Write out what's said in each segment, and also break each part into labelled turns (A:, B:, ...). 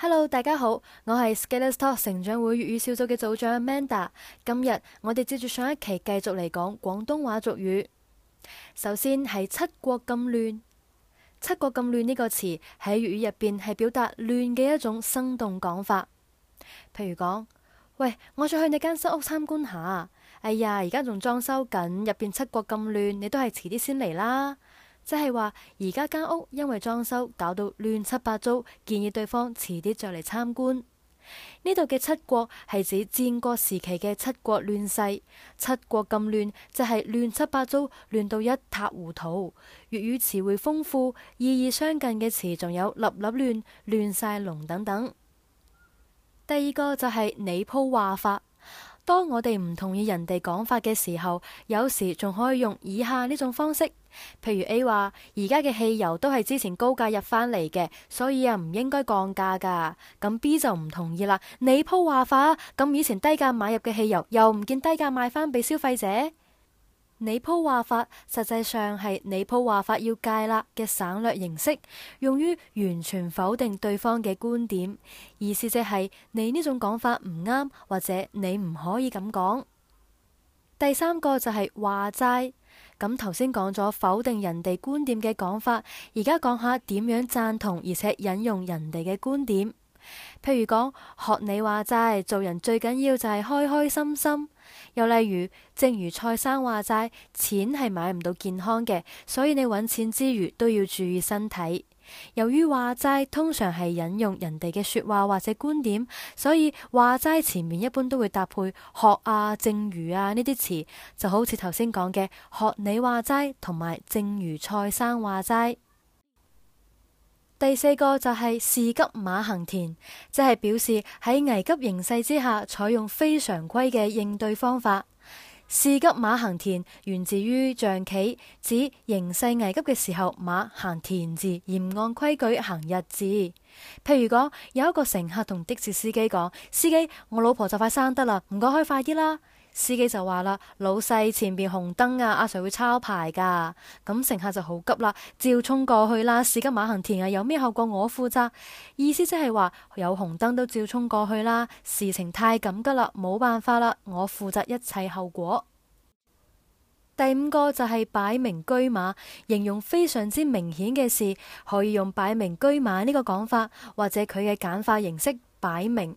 A: Hello，大家好，我係 Skills Talk 成長會粵語小組嘅組長 Manda。今日我哋接住上一期繼續嚟講廣東話俗語。首先係七國咁亂，七國咁亂呢個詞喺粵語入邊係表達亂嘅一種生動講法。譬如講，喂，我想去你間新屋參觀下。哎呀，而家仲裝修緊，入邊七國咁亂，你都係遲啲先嚟啦。即係話而家間屋因為裝修搞到亂七八糟，建議對方遲啲再嚟參觀。呢度嘅七國係指戰國時期嘅七國亂世。七國咁亂，就係亂七八糟，亂到一塌糊塗。粵語詞彙豐富，意義相近嘅詞仲有立立亂、亂晒龍等等。第二個就係你鋪話法。當我哋唔同意人哋講法嘅時候，有時仲可以用以下呢種方式，譬如 A 話而家嘅汽油都係之前高價入返嚟嘅，所以啊唔應該降價㗎。咁 B 就唔同意啦，你鋪話法，咁以前低價買入嘅汽油又唔見低價賣返俾消費者。你鋪話法實際上係你鋪話法要戒啦嘅省略形式，用於完全否定對方嘅觀點，意思即係你呢種講法唔啱，或者你唔可以咁講。第三個就係話齋，咁頭先講咗否定人哋觀點嘅講法，而家講下點樣贊同而且引用人哋嘅觀點。譬如講，學你話齋，做人最緊要就係開開心心。又例如，正如蔡生話齋，錢係買唔到健康嘅，所以你搵錢之餘都要注意身體。由於話齋通常係引用人哋嘅說話或者觀點，所以話齋前面一般都會搭配學啊、正如啊呢啲詞，就好似頭先講嘅學你話齋同埋正如蔡生話齋。第四個就係士急馬行田，即係表示喺危急形勢之下，採用非常規嘅應對方法。士急馬行田源自於象棋，指形勢危急嘅時候，馬行田字而唔按規矩行日字。譬如講有一個乘客同的士司機講：「司機，我老婆就快生得啦，唔該開快啲啦。司機就話啦，老細，前面紅燈啊，阿 Sir 會抄牌噶。咁乘客就好急啦，照衝過去啦。事急馬行田啊，有咩後果我負責。意思即係話有紅燈都照衝過去啦，事情太緊急啦，冇辦法啦，我負責一切後果。第五個就係擺明車馬，形容非常之明顯嘅事，可以用擺明車馬呢個講法，或者佢嘅簡化形式擺明。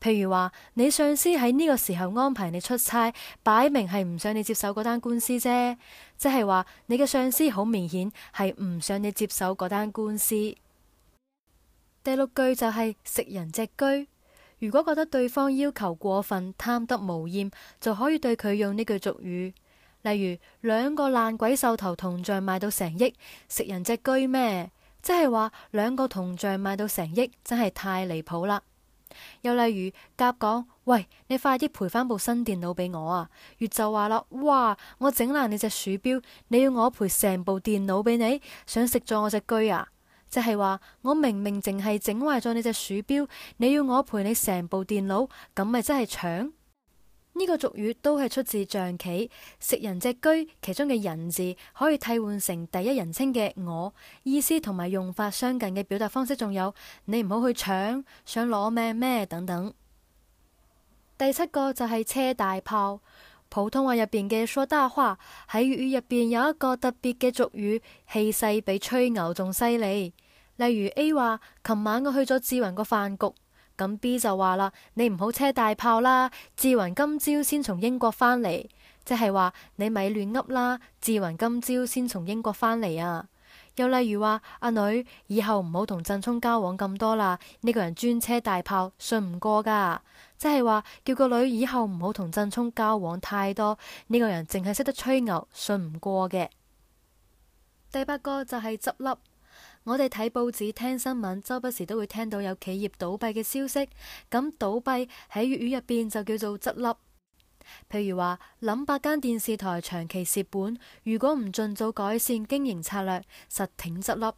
A: 譬如話，你上司喺呢個時候安排你出差，擺明係唔想你接手嗰單官司啫。即係話，你嘅上司好明顯係唔想你接手嗰單官司。第六句就係食人隻居，如果覺得對方要求過分貪得無厭，就可以對佢用呢句俗語。例如兩個爛鬼獸頭銅像賣到成億，食人隻居咩？即係話兩個銅像賣到成億，真係太離譜啦！又例如甲講：喂，你快啲賠翻部新電腦俾我啊！乙就話啦：哇，我整爛你隻鼠標，你要我賠成部電腦俾你，想食咗我隻車啊！即係話我明明淨係整壞咗你隻鼠標，你要我賠你成部電腦，咁咪真係搶？呢個俗語都係出自象棋，食人隻車，其中嘅人字可以替換成第一人稱嘅我，意思同埋用法相近嘅表達方式，仲有你唔好去搶，想攞命咩等等。第七個就係車大炮，普通話入邊嘅說大話，喺粵語入邊有一個特別嘅俗語，氣勢比吹牛仲犀利。例如 A 話：琴晚我去咗志雲個飯局。咁 B 就話啦，你唔好車大炮啦，志云今朝先從英國返嚟，即係話你咪亂噏啦。志云今朝先從英國返嚟啊。又例如話阿、啊、女以後唔好同振聰交往咁多啦，呢、這個人專車大炮，信唔過噶。即係話叫個女以後唔好同振聰交往太多，呢、這個人淨係識得吹牛，信唔過嘅。第八個就係執笠。我哋睇報紙、聽新聞，周不時都會聽到有企業倒閉嘅消息。咁倒閉喺粵語入邊就叫做執笠。譬如話，諗百間電視台長期蝕本，如果唔盡早改善經營策略，實挺執笠。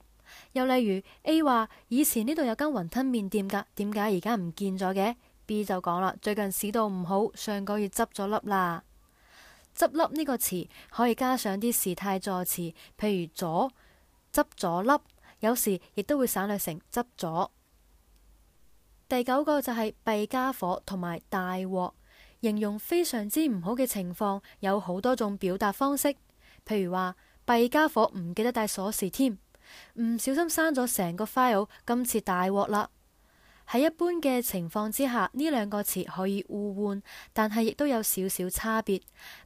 A: 又例如 A 話，以前呢度有間雲吞麵店㗎，點解而家唔見咗嘅？B 就講啦，最近市道唔好，上個月執咗笠啦。執笠呢個詞可以加上啲時態助詞，譬如咗，執咗笠。有時亦都會省略成執咗。第九個就係弊傢伙同埋大鑊，形容非常之唔好嘅情況，有好多種表達方式。譬如話，弊傢伙唔記得帶鎖匙添，唔小心刪咗成個 file，今次大鑊啦。喺一般嘅情況之下，呢兩個詞可以互換，但係亦都有少少差別。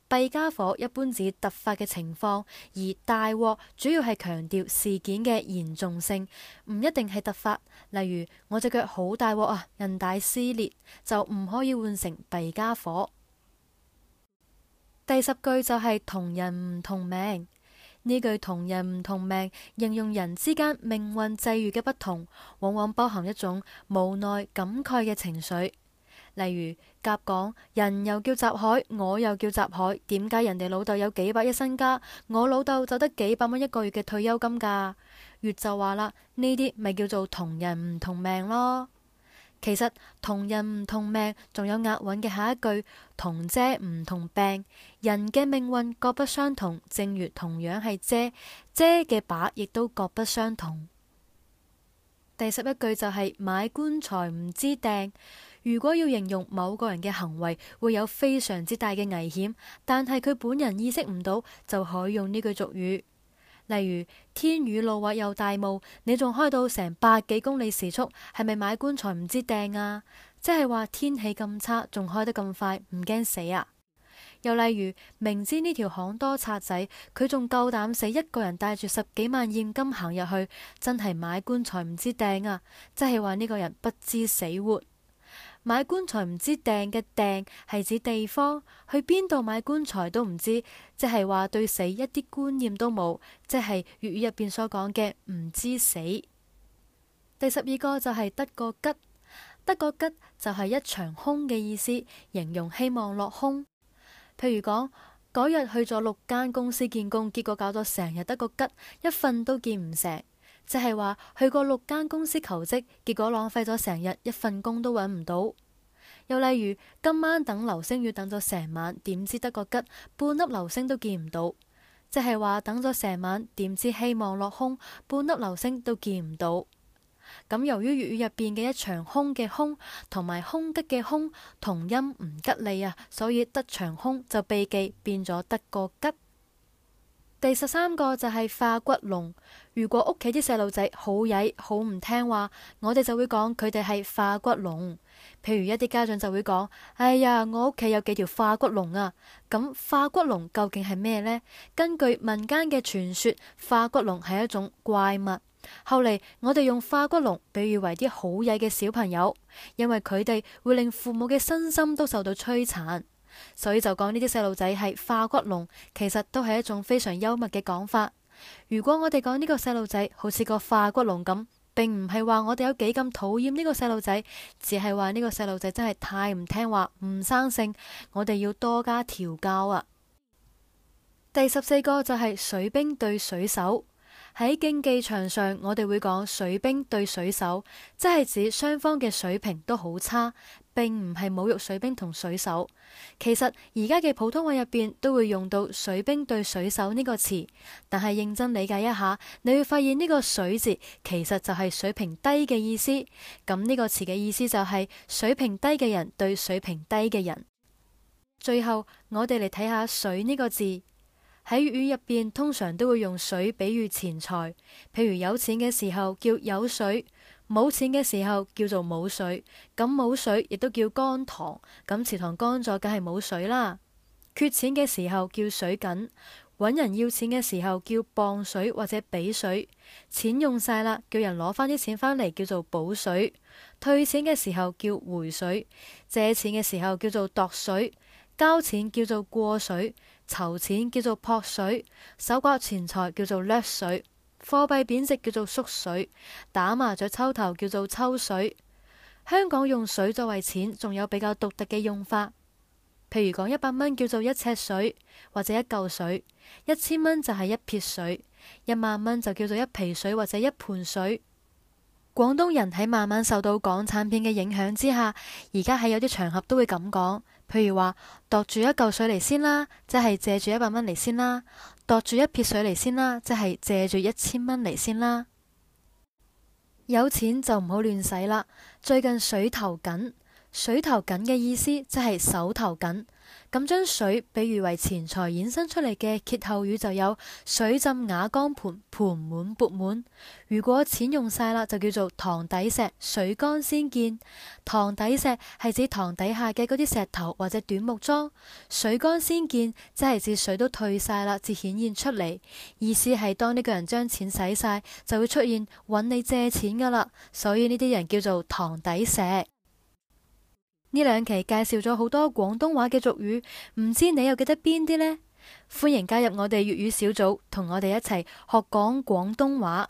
A: 弊傢伙一般指突發嘅情況，而大鑊主要係強調事件嘅嚴重性，唔一定係突發。例如我隻腳好大鑊啊，韌帶撕裂就唔可以換成弊傢伙。第十句就係、是、同人唔同命。呢句同人唔同命，形容人之間命運際遇嘅不同，往往包含一種無奈感慨嘅情緒。例如甲講：人又叫習海，我又叫習海，點解人哋老豆有幾百億身家，我老豆就得幾百蚊一個月嘅退休金噶？乙就話啦，呢啲咪叫做同人唔同命咯。其實同人唔同命，仲有押韻嘅下一句：同遮唔同柄。人嘅命運各不相同，正如同樣係遮，遮嘅柄亦都各不相同。第十一句就係買棺材唔知掟。如果要形容某個人嘅行為會有非常之大嘅危險，但係佢本人意識唔到，就可以用呢句俗語。例如天雨路滑又大霧，你仲開到成百幾公里時速，係咪買棺材唔知掟啊？即係話天氣咁差，仲開得咁快，唔驚死啊？又例如明知呢條巷多賊仔，佢仲夠膽死一個人帶住十幾萬現金行入去，真係買棺材唔知掟啊？即係話呢個人不知死活。買棺材唔知掟嘅掟，係指地方，去邊度買棺材都唔知，即係話對死一啲觀念都冇，即係粵語入邊所講嘅唔知死。第十二個就係得個吉，得個吉就係一場空嘅意思，形容希望落空。譬如講嗰日去咗六間公司見工，結果搞到成日得個吉，一份都見唔成。即係話去過六間公司求職，結果浪費咗成日，一份工都揾唔到。又例如今晚等流星雨等咗成晚，點知得個吉，半粒流星都見唔到。即係話等咗成晚，點知希望落空，半粒流星都見唔到。咁由於粵語入邊嘅一場空嘅空同埋空吉嘅空同音唔吉利啊，所以得場空就避忌變咗得個吉。第十三個就係化骨龍，如果屋企啲細路仔好曳好唔聽話，我哋就會講佢哋係化骨龍。譬如一啲家長就會講：哎呀，我屋企有幾條化骨龍啊！咁、嗯、化骨龍究竟係咩呢？根據民間嘅傳說，化骨龍係一種怪物。後嚟我哋用化骨龍比喻為啲好曳嘅小朋友，因為佢哋會令父母嘅身心都受到摧殘。所以就講呢啲細路仔係化骨龍，其實都係一種非常幽默嘅講法。如果我哋講呢個細路仔好似個化骨龍咁，並唔係話我哋有幾咁討厭呢個細路仔，只係話呢個細路仔真係太唔聽話、唔生性，我哋要多加調教啊。第十四個就係水兵對水手。喺競技場上，我哋會講水兵對水手，即係指雙方嘅水平都好差，並唔係侮辱水兵同水手。其實而家嘅普通話入邊都會用到水兵對水手呢個詞，但係認真理解一下，你會發現呢個水字其實就係水平低嘅意思。咁呢個詞嘅意思就係水平低嘅人對水平低嘅人。最後，我哋嚟睇下水呢個字。喺粵語入邊，通常都會用水比喻錢財，譬如有錢嘅時候叫有水，冇錢嘅時候叫做冇水。咁冇水亦都叫乾塘。咁池塘乾咗，梗係冇水啦。缺錢嘅時候叫水緊，揾人要錢嘅時候叫磅水或者俾水。錢用晒啦，叫人攞翻啲錢翻嚟，叫做補水。退錢嘅時候叫回水，借錢嘅時候叫做度水，交錢叫做過水。籌錢叫做撲水，手刮錢財叫做掠水，貨幣貶值叫做縮水，打麻雀抽頭叫做抽水。香港用水作為錢，仲有比較獨特嘅用法，譬如講一百蚊叫做一尺水，或者一嚿水；一千蚊就係一撇水，一萬蚊就叫做一皮水或者一盤水。廣東人喺慢慢受到港產片嘅影響之下，而家喺有啲場合都會咁講，譬如話：度住一嚿水嚟先啦，即係借住一百蚊嚟先啦；度住一撇水嚟先啦，即係借住一千蚊嚟先啦。有錢就唔好亂使啦，最近水頭緊。水頭緊嘅意思即係手頭緊，咁將水比喻為錢財，衍生出嚟嘅歇後語就有水浸瓦缸，盤盤滿缽滿。如果錢用晒啦，就叫做塘底石，水乾先見。塘底石係指塘底下嘅嗰啲石頭或者短木樁，水乾先見即係指水都退晒啦，至顯現出嚟。意思係當呢個人將錢使晒，就會出現搵你借錢噶啦，所以呢啲人叫做塘底石。呢兩期介紹咗好多廣東話嘅俗語，唔知你又記得邊啲呢？歡迎加入我哋粵語小組，同我哋一齊學講廣東話。